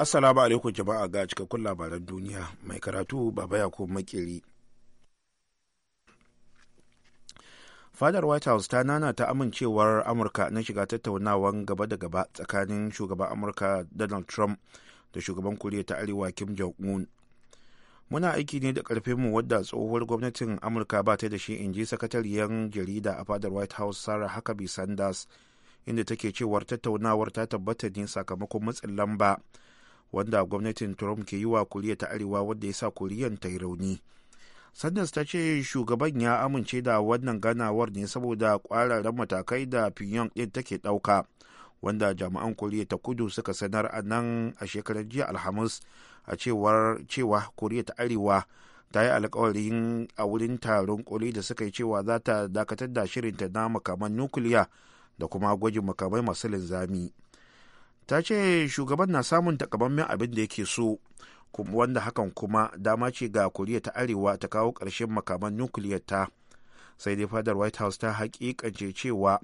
Assalamu alaikum jama'a ga cikakkun labaran duniya mai karatu baba yakub makiri. Fadar White House ta nana ta amincewar Amurka na shiga tattaunawan gaba da gaba tsakanin shugaban Amurka Donald Trump da shugaban Koriya ta Arewa Kim Jong-un. Muna aiki ne da mu wadda tsohuwar gwamnatin Amurka ba ta da shi in ji sakatariyar jarida a fadar White House Sarah Huckabee Sanders inda take cewar tattaunawar ta tabbata ne sakamakon matsin lamba wanda gwamnatin trump ke yi wa koriya ta arewa wanda ya sa koriyan ta yi rauni sanders ta ce shugaban ya amince da wannan ganawar ne saboda kwararren matakai da pyongyang ɗin take ɗauka wanda jami'an koriya ta kudu suka sanar a nan a shekarar jiya alhamis a cewar cewa koriya ta arewa ta yi alkawarin a wurin taron koli da suka yi cewa za ta dakatar da shirinta na makaman nukiliya da kuma gwajin makamai masu linzami ta ce shugaban na samun takamammen abin da yake so wanda hakan kuma dama ce ga koriya ta arewa ta kawo karshen makaman nukiliyar ta sai dai fadar white house ta hakikance cewa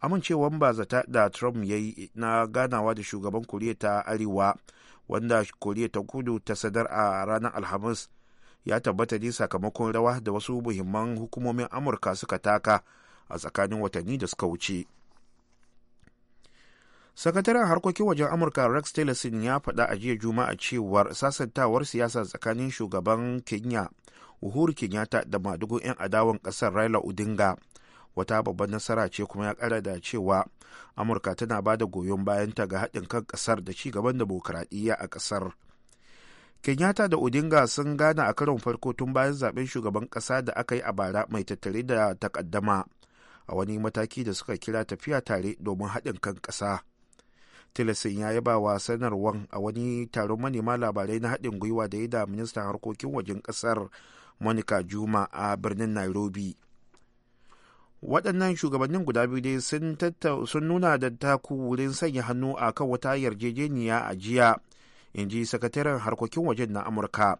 amincewan bazata da trump ya yi na ganawa da shugaban koriya ta arewa wanda koriya ta kudu ta sadar a ranar alhamis ya tabbata ne sakamakon rawa da wasu muhimman hukumomin amurka suka taka a tsakanin watanni da suka wuce. sakataren harkokin wajen amurka rex tillerson ya faɗa a jiya juma'a cewar sasantawar siyasa tsakanin shugaban kenya uhuru kenyatta da madugun 'yan adawan ƙasar raila odinga wata babban nasara ce kuma ya kara da cewa amurka tana ba da goyon bayanta ga haɗin kan ƙasar da ci gaban demokuraɗiyya a ƙasar kenyatta da odinga sun gane a karon farko tun bayan zaben shugaban ƙasa da aka yi a bara mai tattare da takaddama a wani mataki da suka kira tafiya tare domin haɗin kan ƙasa tilasin ya yaba wa sanarwan a wani taron manema labarai na haɗin gwiwa da ya da ministan harkokin wajen ƙasar monica juma a birnin nairobi waɗannan shugabannin guda biyu dai sun nuna da taku wurin sanya hannu a kan wata yarjejeniya a jiya in ji sakataren harkokin wajen na amurka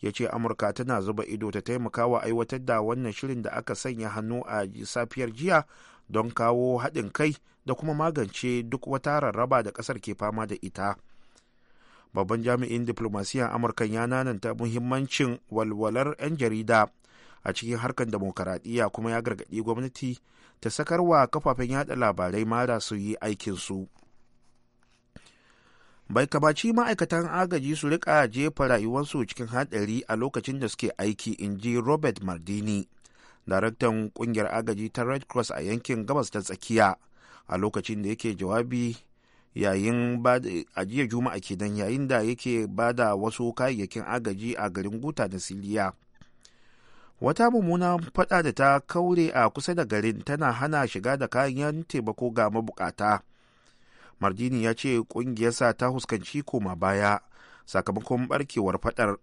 ya ce amurka tana zuba ido ta taimaka wa aiwatar da wannan shirin da aka sanya hannu a safiyar jiya don kawo haɗin kai da kuma magance duk wata rarraba da ƙasar ke fama da ita babban jami'in diplomasiya amurka ya nananta muhimmancin walwalar 'yan jarida a cikin harkar demokaradiyya kuma ya gargaɗi gwamnati ta sakarwa kafafen yada labarai mara su yi aikinsu bai kamaci ma'aikatan agaji su rika jefa rayuwarsu cikin haɗari a lokacin da suke aiki in ji robert mardini daraktan ƙungiyar agaji ta red cross a yankin gabas ta tsakiya a lokacin da yake jawabi yayin a jiya juma'a kenan yayin da yake bada wasu kayayyakin agaji a garin guta da siriya wata mummuna fada da ta kaure a kusa da garin tana hana shiga da kayan taimako ga mabukata mardini ya ce kungiyarsa ta huskanci koma baya sakamakon barkewar fadar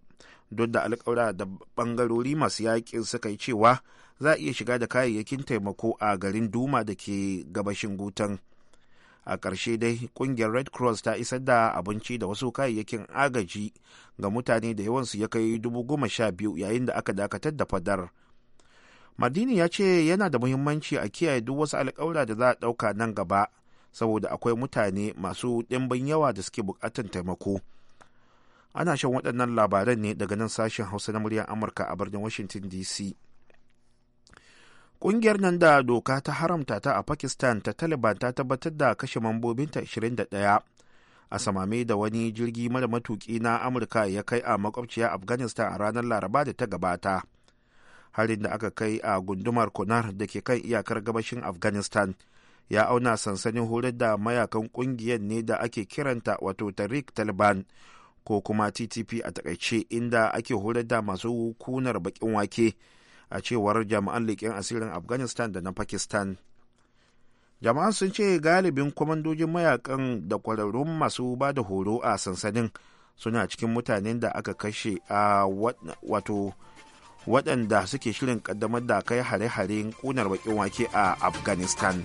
don da alkawura da bangarori masu yakin suka yi cewa za a iya shiga da kayayyakin taimako a garin duma da ke gabashin gutan a ƙarshe dai ƙungiyar red cross ta isar da abinci da wasu kayayyakin agaji ga mutane da yawansu ya kai dubu goma sha biyu yayin da aka dakatar da fadar madini ya ce yana da muhimmanci a kiyaye duk wasu alƙawura da za a ɗauka nan gaba saboda akwai mutane masu ɗimbin yawa da suke buƙatar taimako ana shan waɗannan labaran ne daga nan sashen hausa na muryar amurka a birnin washington dc Ƙungiyar nan da doka ta haramta ta a Pakistan ta Taliban ta tabbatar da kashe mambobinta 21 a samame da wani jirgi mara matuƙi na Amurka ya kai a makwabciya Afghanistan a ranar Laraba da ta gabata. Harin da aka kai a gundumar Kunar da ke kan iyakar gabashin Afghanistan ya auna sansanin horar da mayakan ƙungiyar ne da ake kiranta wato Tariq Taliban ko kuma TTP a takaice inda ake horar da masu kunar baƙin wake. a cewar jami'an leƙen asirin afghanistan da na pakistan jama'an sun ce galibin kwamandojin mayakan da kwararrun masu ba da horo a sansanin suna cikin mutanen da aka kashe a wato waɗanda suke shirin kaddamar da kai hare-haren ƙunar baƙin wake a afghanistan.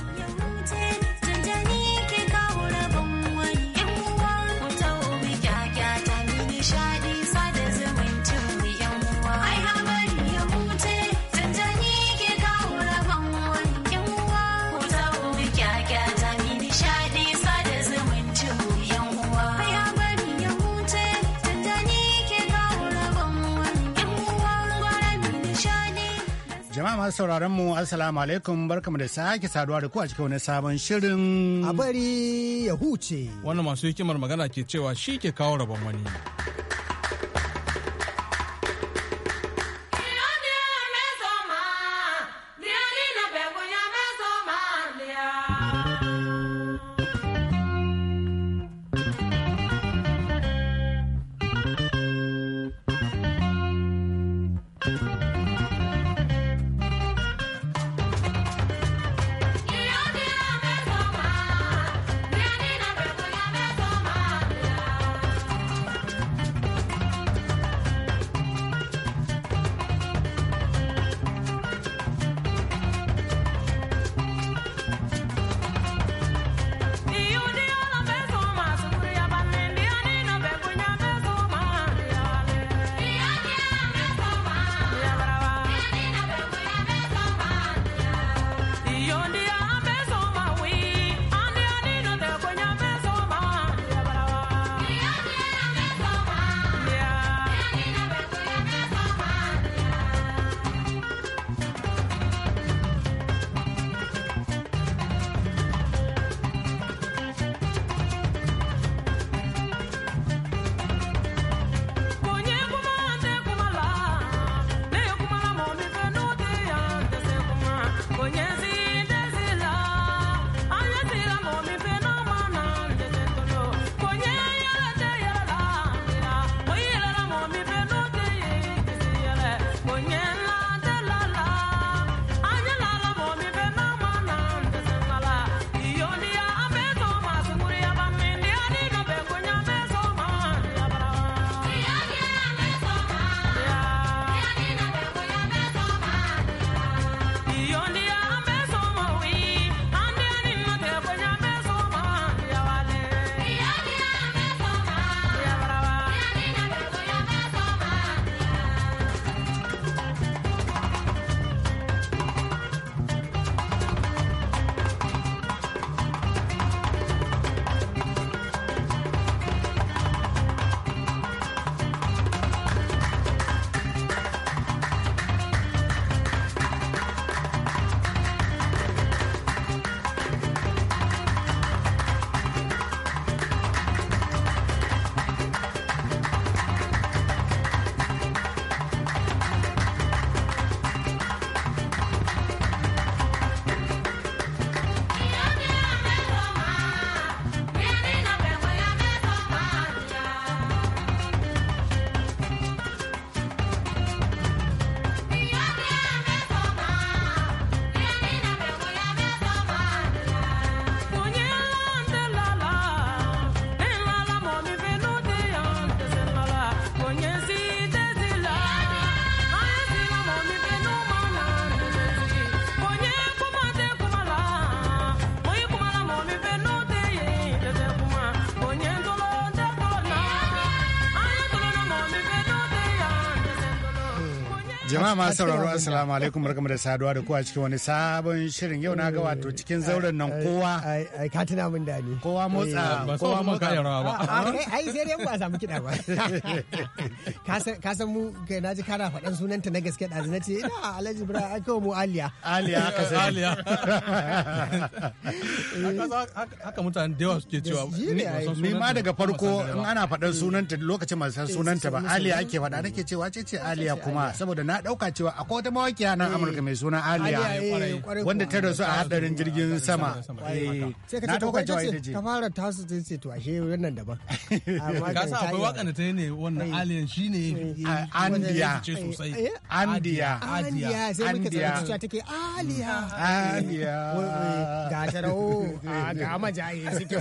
masu sauraron mu assalamu alaikum barkamu da sake saduwa da ku a cikin wani sabon shirin a bari ya huce wannan masu hikimar magana ke cewa shi ke kawo rabon wani ma sauraro assalamu alaikum barkamu da saduwa da kowa cikin wani sabon shirin yau na ga eh, wato cikin zauren nan eh, kowa ai eh, ka tuna min da ni kowa motsa kowa motsa ya rawa ba ah, ah, ai sai dai ba samu kida ba ka san ka san mu na naji kana faɗan sunanta na gaske da na ce ina Alhaji Ibrahim ai kawo mu Aliya Aliya haka sai Aliya haka mutane da yawa suke cewa ni ma daga farko in ana faɗan sunanta lokacin masu sunanta ba Aliya ake faɗa nake cewa ce ce Aliya kuma saboda na ɗauka ɗauka cewa akwai wata mawakiya nan eh. Amurka mai suna Aliya eh, wanda ta rasu a hadarin jirgin sama. Eh, na ce ta fara tasu ce to wannan daban. Ka akwai wakan da ta yi ne wannan Aliyan ne Andiya. Andiya. Andiya sai muka cewa take Aliya. Aliya. Ga sharau ga majaye suke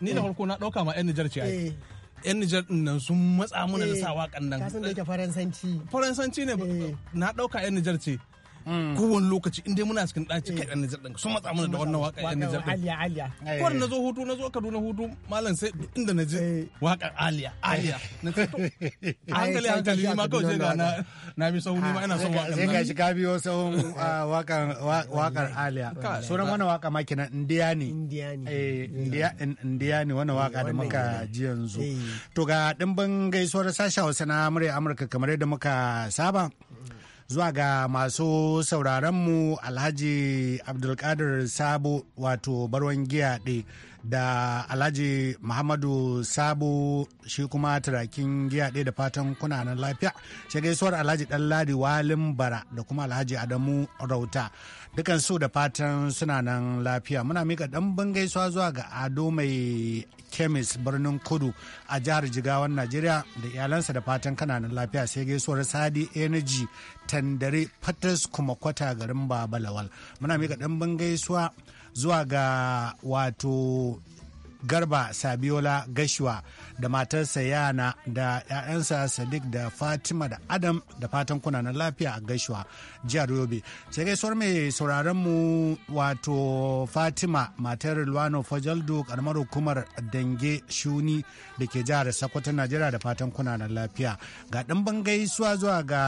Niger ni da eh. farko na dauka ma 'yan Nijar ce 'yan eh. Nijar nan sun matsa mana da sa eh. waƙan nan. Kasan da yake Faransanci. Faransanci ne na ɗauka 'yan Nijar ce. Mm. kowane lokaci inda muna cikin ɗaci kai ɗan Nijar ɗin sun matsa mana da wannan waƙa ɗan Nijar ɗin. Aliya Aliya. na zo hutu na zo Kaduna hutu malam sai inda na ji eh. waƙar Aliya Aliya. Na ce to eh, hankali hankali ma kawai sai ga na bi sahu ne ma ina son ah, waƙar. Sai ga shi ka biyo sahun ah, waƙar Aliya. Sunan wani waƙa ma kenan Indiyani. Indiyani. Eh, Indiyani wani waƙa da muka ji yanzu. To ga ɗimbin gaisuwar sashen Hausa na murya Amurka kamar yadda muka saba. zuwa ga masu sauraronmu alhaji abdulkadir sabo wato barwan giya ɗe da Alhaji Muhammadu Sabo shi kuma turakin giya ɗaya da fatan kuna lafiya. Sai gaisuwar Alhaji Ɗanladi Walin Bara da kuma Alhaji Adamu Rauta. Dukan su da fatan suna nan lafiya. Muna mika ɗan gaisuwa zuwa ga Ado mai kemis birnin kudu a jihar jigawan najeriya da iyalansa da fatan kananan lafiya sai gaisuwar sadi energy tandare patas kuma kwata garin babalawal muna mika ɗan gaisuwa zuwa ga wato garba sabiola gashwa da matarsa yana da 'ya'yansa sadiq da fatima da adam da fatan kunanan lafiya a gashwa jihar yobe sai gaisuwar mai sauraron mu wato fatima matar luwano fajaldo karamar hukumar dange shuni da ke jihar sokoto najeriya da fatan kunanan lafiya ga ɗimbin gaisuwa zuwa ga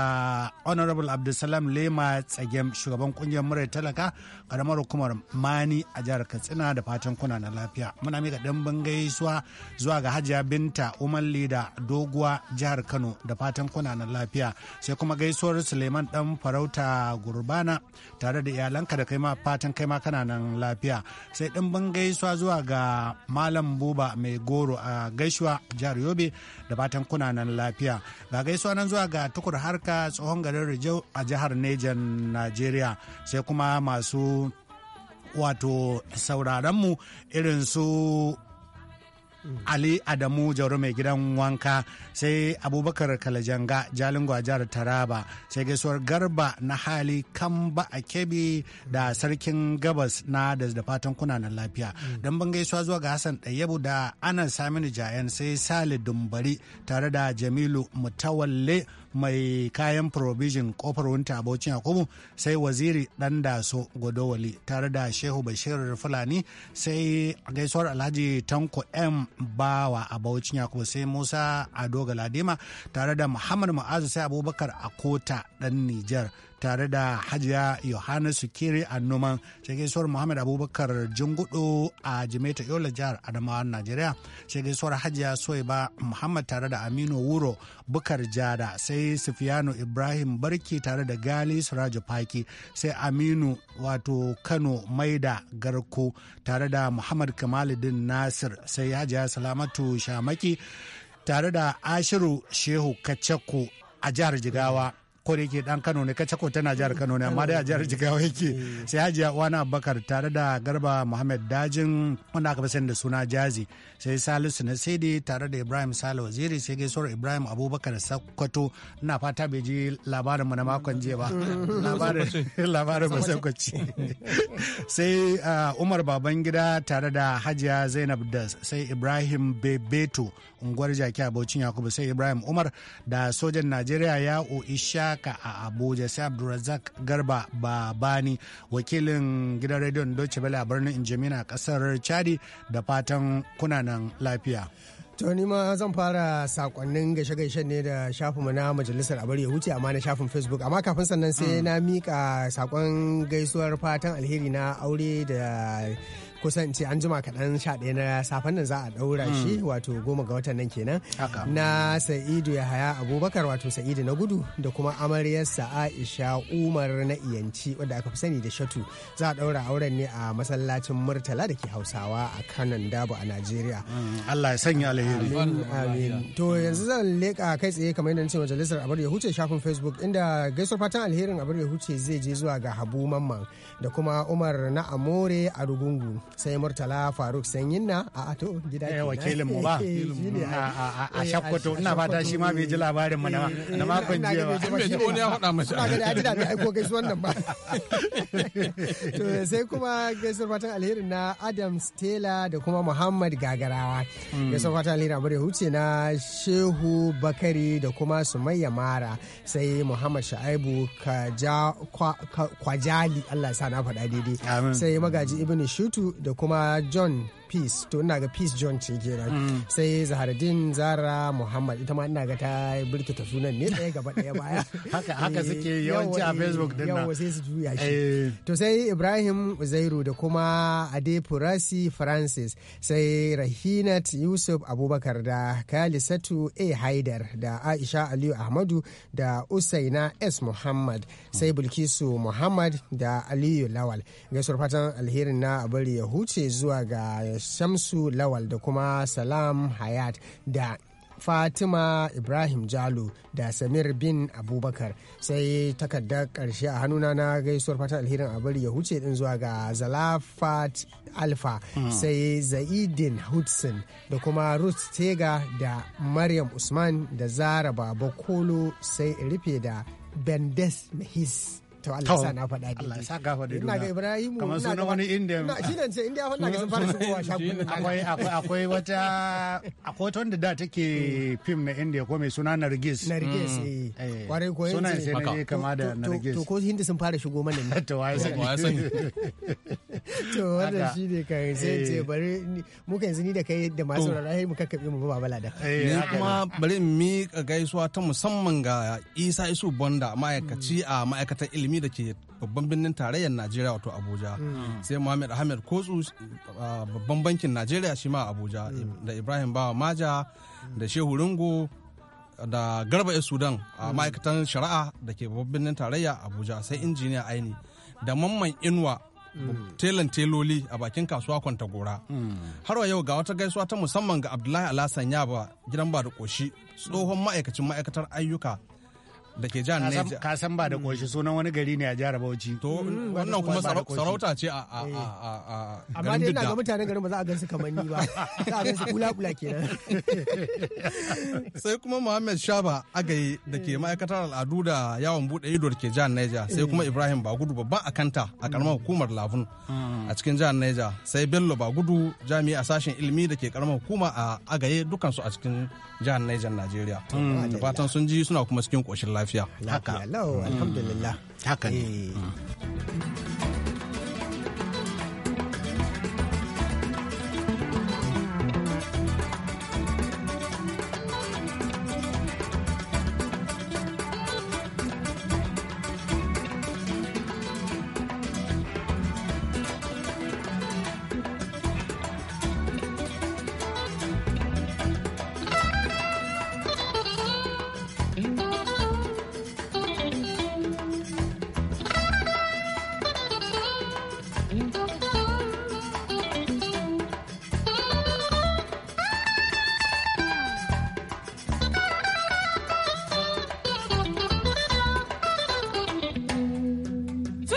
honorable abdulsalam lema tsagem shugaban kungiyar murar talaka karamar hukumar mani a jihar katsina da fatan kuna na lafiya muna mika dimbin gaisuwa zuwa ga hajiya binta umarli da doguwa jihar kano da fatan kuna na lafiya sai kuma gaisuwar suleiman dan farauta gurbana tare da iyalanka da kai ma fatan kai kana nan lafiya sai dimbin gaisuwa zuwa ga malam buba mai goro a gaisuwa jihar yobe da fatan kuna nan lafiya ga gaisuwa nan zuwa ga tukur harka tsohon garin rijau a jihar nejan najeriya sai kuma masu wato sauraronmu irin su Ali Adamu Jauro mai gidan wanka sai Abubakar Kalajanga Jalin a jihar Taraba sai gaisuwar Garba na hali Kamba a Kebbi da Sarkin Gabas na da fatan kuna lafiya. Don ban gaisuwa zuwa ga Hassan Ɗayyabu da ana Saminu Jayan sai Sale Dumbari tare da Jamilu Mutawalle mai kayan provision kofar wunta abocin yakubu sai waziri dan daso godowali tare da shehu bashir fulani sai gaisuwar alhaji tanko m bawa abocin yakubu sai musa ado galadima tare da muhammad ma'azu sai abubakar akota dan nijar tare da hajiya yohannes sukiri a noman sai gaisuwar muhammad abubakar jingudu a jimeta yola jihar adamawa najeriya sai suwar hajiya soyiba muhammad tare da aminu wuro bukar jada sai Sufiyanu ibrahim barki tare da gali surajo faki sai aminu wato kano maida garko tare da muhammad kamaluddin nasir sai hajiya salamatu shamaki tare da ashiru shehu kacakku a jihar jigawa ko da yake dan Kano ne kace ko tana jihar Kano ne amma dai a jihar Jigawa yake mm. sai Hajiya Uwana Abubakar tare da Garba Muhammad Dajin wanda aka fi sani da suna Jazi sai salisu na dai tare da ibrahim sale waziri sai gaisuwar ibrahim abubakar sakkwato na fata bai ji labarin mu na makon jiya ba labarin masaukaci sai uh, umar babangida tare da hajiya zainab da sai ibrahim bebeto unguwar jaki abocin yakubu sai ibrahim umar da sojan najeriya ya ishaka a abuja sai abdulrazak garba babani wakilin gidan rediyon doce bela a birnin injamina kasar chadi da fatan kuna nan lafiya. To ni ma zan fara sakonnin gaishe gaishe ne da shafin mu na majalisar abar ya huce amma na shafin Facebook amma kafin sannan sai hmm. na mika sakon gaisuwar fatan alheri na aure da kusan ce an jima kaɗan sha ɗaya na safen nan za a ɗaura hmm. shi wato goma ga watan nan kenan na sa'idu ya haya abubakar wato sa'idu na gudu da kuma amaryarsa aisha umar na iyanci wadda aka fi sani da shatu za a ɗaura auren ne a masallacin murtala da ke hausawa a kanan dabu a najeriya hmm. allah ya sanya alheri amin to yanzu zan leƙa kai tsaye kamar yadda ce majalisar abar ya shafin facebook inda gaisuwar fatan alherin abar ya zai je zuwa ga habu mamman da kuma umar na amore a rugungu sai murtala faruk sanyin na eh, a ato gida ke wakilin mu ba a eh, shakwato ina fata shi ma bai ji labarin mu eh, na makon jiya ba bai ji wani ya faɗa masa ina gani ajida bai aiko gaisu wannan ba to sai kuma gaisuwar fatan alherin na adam stela da kuma muhammad gagarawa hmm. gaisuwar fatan alherin abu da huce na shehu bakari da kuma sumayya mara sai muhammad sha'aibu kwajali allah sa na faɗa daidai sai magaji ibn shutu da kuma john peace to ina ga peace john ce kenan mm. sai zaharadin zara muhammad ita ma ina ga ta ta sunan ne ɗaya gaba ɗaya baya haka haka suke eh, yawanci a eh, facebook din nan sai su juya shi eh. to sai ibrahim zairu da kuma ade adefurasi francis sai rahinat yusuf abubakar da kalisatu a haidar da aisha aliyu ahmadu da usaina s muhammad sai bilkisu muhammad da aliyu lawal gaisuwar fatan alherin na bari ya huce zuwa ga shamsu lawal da kuma salam hayat da fatima ibrahim jalo da samir bin abubakar sai takardar karshe a hannuna na gaisuwar fatan alherin abar ya huce din zuwa ga zalafat alfa mm. sai zaidin hudson da kuma ruth tega da maryam usman da zara babakolo kolo sai rufe da bendes mahis to Allah sa na faɗa daidai Allah sa faɗa da ina ga Ibrahim kamar na wani indiya shi ne sai inda wannan ga sun fara shigowa shagun. akwai akwai akwai wata akwai wata wanda da take mm. film na inda ko mai suna Nargis Nargis mm. eh. eh kwarai ko sunan sai ne kama da Nargis to ko hindi sun fara shigo mana ne to wai sai wai sai. to wannan shi ne kan sai ce eh. bari mu kan zini da kai da masu rarrahi mu kakkabe mu ba bala da. Eh, ni kuma bari mi ga gaisuwa ta musamman ga Isa Isu Bonda ma'aikaci a ma'aikatar ilimi musulmi da ke babban birnin tarayyar najeriya wato abuja hmm. sai muhammad ahmed kotsu babban bankin najeriya shi ma abuja hmm. da ibrahim bawa maja da shehu ringo da garba ya sudan a hmm. ma'aikatan shari'a da ke babban birnin tarayya abuja sai injiniya aini da mamman inuwa telan teloli a bakin kasuwa kwanta gora. har wa yau ga wata gaisuwa ta musamman ga abdullahi alasan yaba gidan ba da koshi tsohon ma'aikacin ma'aikatar ayyuka da ke jihar Neja. Ka san ba da koshi sunan wani gari ne a jihar Bauchi. To mm. wannan kuma sarauta ce a a a eh. a Amma dai ga mutanen garin ba za a gansu kamar ni ba. Za a gansu kula kula kenan. Sai kuma Muhammad Shaba Agaye da ke eh. ma'aikatar al'adu da yawon bude ido da ke jihar Neja. Sai kuma eh. Ibrahim Bagudu babban akanta a karamar mm. hukumar Lafun mm. a cikin jihar Neja. Sai Bello Bagudu jami'i a sashen ilimi da ke karamar hukuma a Agaye dukansu a cikin jihar Neja Najeriya. Da fatan sun ji suna kuma cikin koshin lafiya. lafiya. Haka. Mm. Alhamdulillah. Haka ne. Eh. Mm.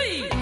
three.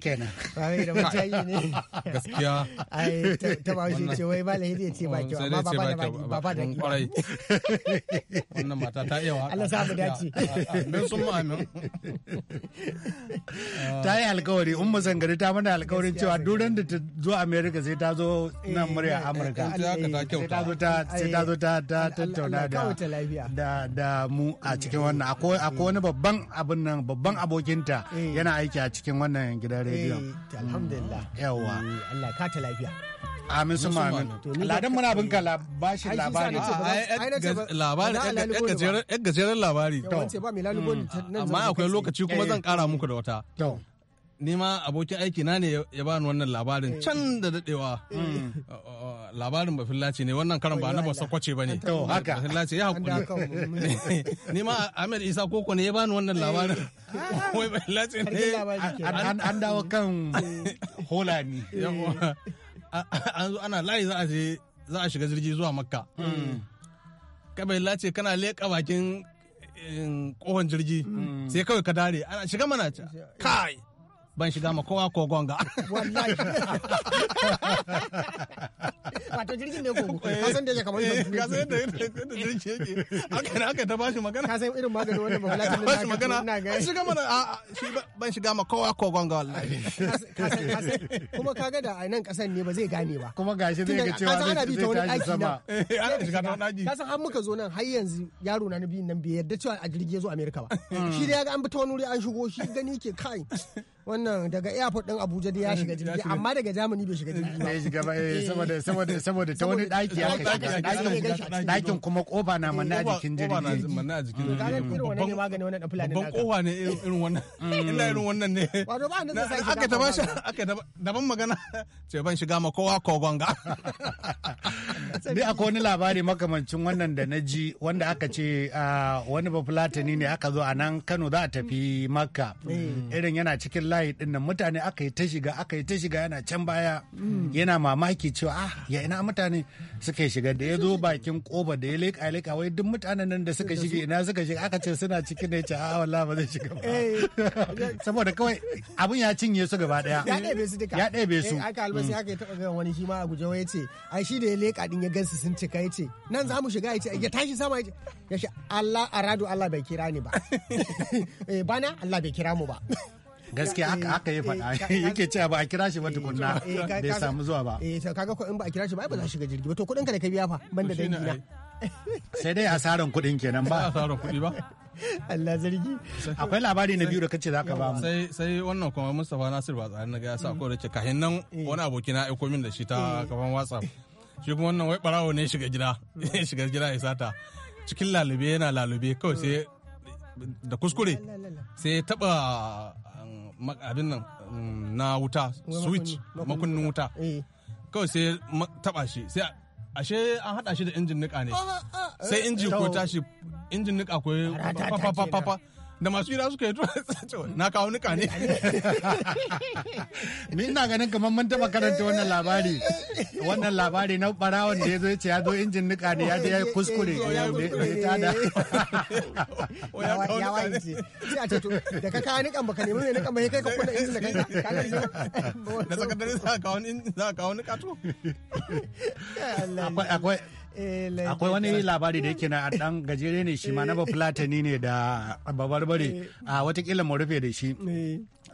Tena. Ramiro, muchas gracias. gaskiya ai ta ba shi ce wai malam zai ce baki amma ba ba da baki ba ba da kwarai wannan mata ta iya Allah sa mu dace dan sun mu amin ta yi alkawari umma zangare ta mana alkawarin cewa duran da ta zo America sai ta zo nan eh, murya eh, Amurka eh, sai ta zo ta sai ta zo ta tattauna da da da mu a cikin wannan akwai akwai wani babban abin nan babban abokinta yana aiki a cikin wannan gidan rediyon alhamdulillah yawa mm. Allah ka ta lafiya amin su ma'amin. ladan muna bin ka bashin labari yan gajeren labari hmm. amma akwai lokaci kuma eh. zan kara muku da wata nima abokin aiki na ne ya bani wannan labarin eh. can da dadewa eh. oh, oh, oh, labarin ba fillaci ne wannan karan ba na ba sakwace ba ne haka fillaci ya hakuri nima Ahmed Isa koko ne ya bani wannan eh. labarin wai fillaci ne an dawo kan hola ne an zo ana layi za a je za a shiga jirgi zuwa Makka hmm. kabai lace kana leka bakin kohon jirgi hmm. sai kawai ka dare ana shiga mana kai ban shiga ma kowa ko gonga wallahi wato jirgin ne gogo eh, ka san da yake kamar ka san da yadda jirgin yake na aka ta magana ka san irin ba lafiya magana shiga mana shi ban shiga ma kowa ko gonga wallahi kuma ka ga da a nan kasan ne ba zai gane ba kuma gashi zai ga cewa zai tashi sama eh, ana shiga ta wani ka san har muka zo nan har yanzu yaro na biyun nan bai yarda cewa a jirgi ya zo Amerika ba hmm. shi da ya ga an bi ta wani wuri an shigo shi gani ke wannan daga airport din Abuja da ya shiga jirgi amma daga Germany bai shiga jirgi ba. Eh, ya shiga ba eh, saboda eh. saboda saboda ta wani daki ya shiga dakin kuma koba na manna a jikin jirgi. Koba na manna a jikin jirgi. Babban ne magani wannan dan fulani. Babban kowa ne irin wannan. Illa mm. irin wannan ne. Wato ba nan sai aka taba shi aka daban magana ce ban shiga ma kowa kogonga. Ni akwai wani labari makamancin wannan da na ji wanda aka ce wani bafulatani ne aka zo a nan Kano za a tafi Makka. Irin yana cikin layi din nan mutane aka yi ta shiga aka yi ta shiga yana can baya hmm. yana mamaki cewa ah ya ina mutane suka shiga da ya zo bakin koba da ya leka leka wai duk mutanen nan da suka shiga ina suka shiga aka ce suna cikin ne ce a ah, wallahi ba zai shiga ba eh. saboda kawai abin ya cinye su gaba daya ya ɗebe su duka ya ɗebe su eh, aka albasi hmm. aka yi taɓa gan wani shi ma a guje ya ce ai shi da ya leka din ya gansu sun cika ya ce nan za mu shiga ya ce ya tashi sama ya ce ya Allah aradu Allah bai kira ni ba eh, bana Allah bai kira mu ba gaskiya haka eh, haka ya faɗa eh, yake cewa ba a kira shi ba eh, tukunna bai samu zuwa ba eh kaga ko in ba a kira shi ba ba za shiga jirgi ba to kudin ka da ka biya fa banda dangi na sai dai asaran kuɗin kenan ba asaran kuɗi ba Allah zargi. Akwai labari na biyu da kace za ka ba mu. Sai sai wannan kuma Mustapha Nasir ba tsare na ga sa ko da ke kahin nan wani aboki na aiko min da shi ta kafan WhatsApp. Shi kuma wannan wai barawo ne shiga gida, shiga gida ya sata. Cikin lalube yana lalube kawai sai da kuskure sai ya taba abin nan mm, na wuta switch makunnin wuta eh. kawai sai taba shi sai ashe an hada shi da injin nika ne ah, ah, ah. sai injin ko tashi injin nika ko papa da masu hira suka yi to na kawo nika ne ni ina ganin kamar mun taba karanta wannan labari wannan labari na barawon da ya zo ce ya zo injin nika ne ya je ya kuskure ya tada ya waye ce a ce da ka kawo nikan baka nemi mai nikan ba kai ka kula injin da kanka da sakandare za ka kawo nika to Akwai akwai akwai wani labari da yake na dan gajere ne shi ma na bafulatani ne da babarbare a watakila mu rufe da shi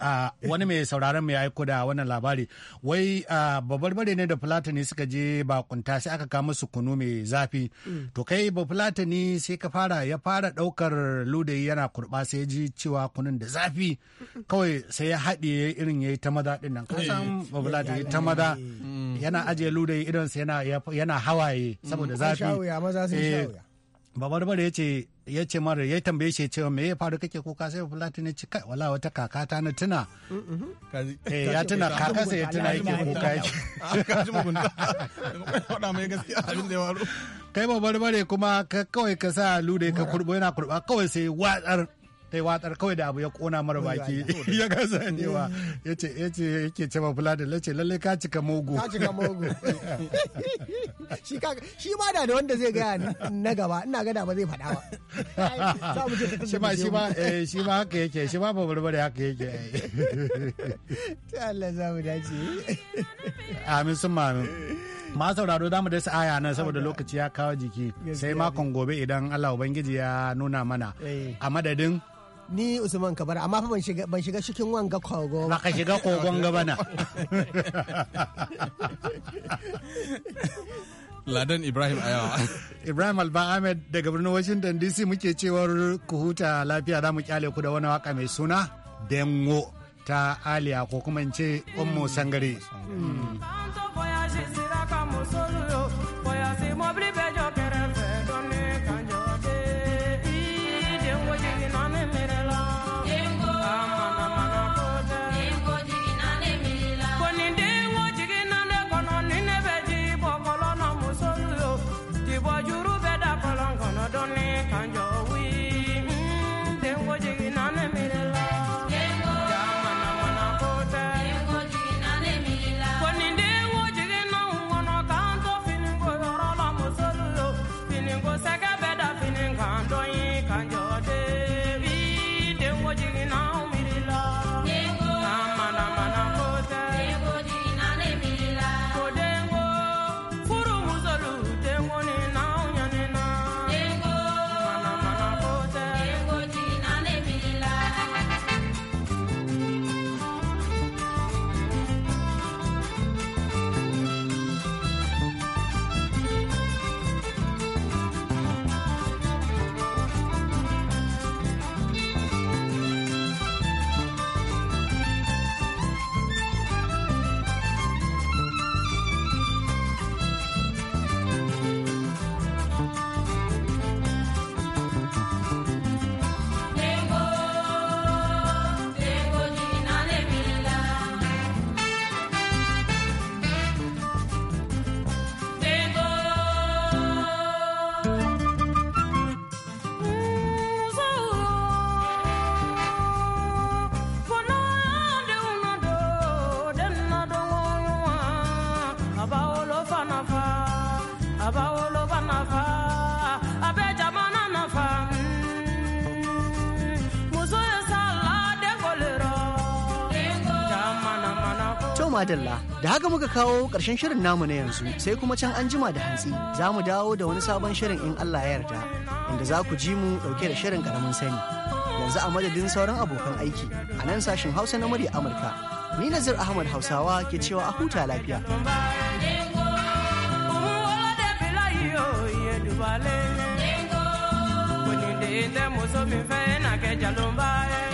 a wani mai sauraron mai aiko da wannan labari wai babarbare ne da fulatani suka je bakunta sai aka kama su kunu mai zafi to kai ba fulatani sai ka fara ya fara daukar ludayi yana kurba sai ji cewa kunun da zafi kawai sai ya haɗe irin ya yi ta maza ɗin nan kasan ba fulatani ta maza Mm. yana ajiye ludayi idonsa yana hawaye mm. saboda zafi eh, ba bare ya ce ya ce mara ya tambaye shi cewa me ya faru kake kuka sai fulati ne ci kai wala wata kaka ta na tuna mm-hmm. eh ya tuna kaka sai ya tuna yake kuka yake ah, kai ba bare kuma kawai ka sa lude ka kurbo yana kurba kawai sai watsar sai watsar kawai da abu ya kona mara baki ya kasa newa eh. ya ce yake ce ma fula da lace lalle ka cika mugu ka cika mugu shi ma da wanda zai gaya na gaba ina gada ba zai faɗa ba shi ma shi ma eh, shi ma haka yake shi ma ba barbare haka yake ta Allah za mu dace amin sun mamin ma sauraro za mu da aya nan saboda lokaci ya kawo jiki sai makon gobe idan Allah Ubangiji ya nuna mana eh. a madadin ni usman kabar amma fa ban shiga ban shiga cikin wanga kogo ba ka shiga kogon gabana Ladan Ibrahim Ayawa. Ibrahim Alba Ahmed daga birnin Washington DC muke cewar ku huta lafiya za mu kyale ku da wani waka mai suna dengo ta Aliya ko kuma in ce Ummu Sangare. Mm. madalla da haka muka kawo karshen shirin namu na yanzu sai kuma can an jima da hantsi za mu dawo da wani sabon shirin in Allah ya yarda inda za ku ji mu dauke da shirin ƙaramin sani yanzu a madadin sauran abokan aiki a nan sashen hausa na murya amurka ni nazir ahmad hausawa ke cewa a huta lafiya. Wani da na ke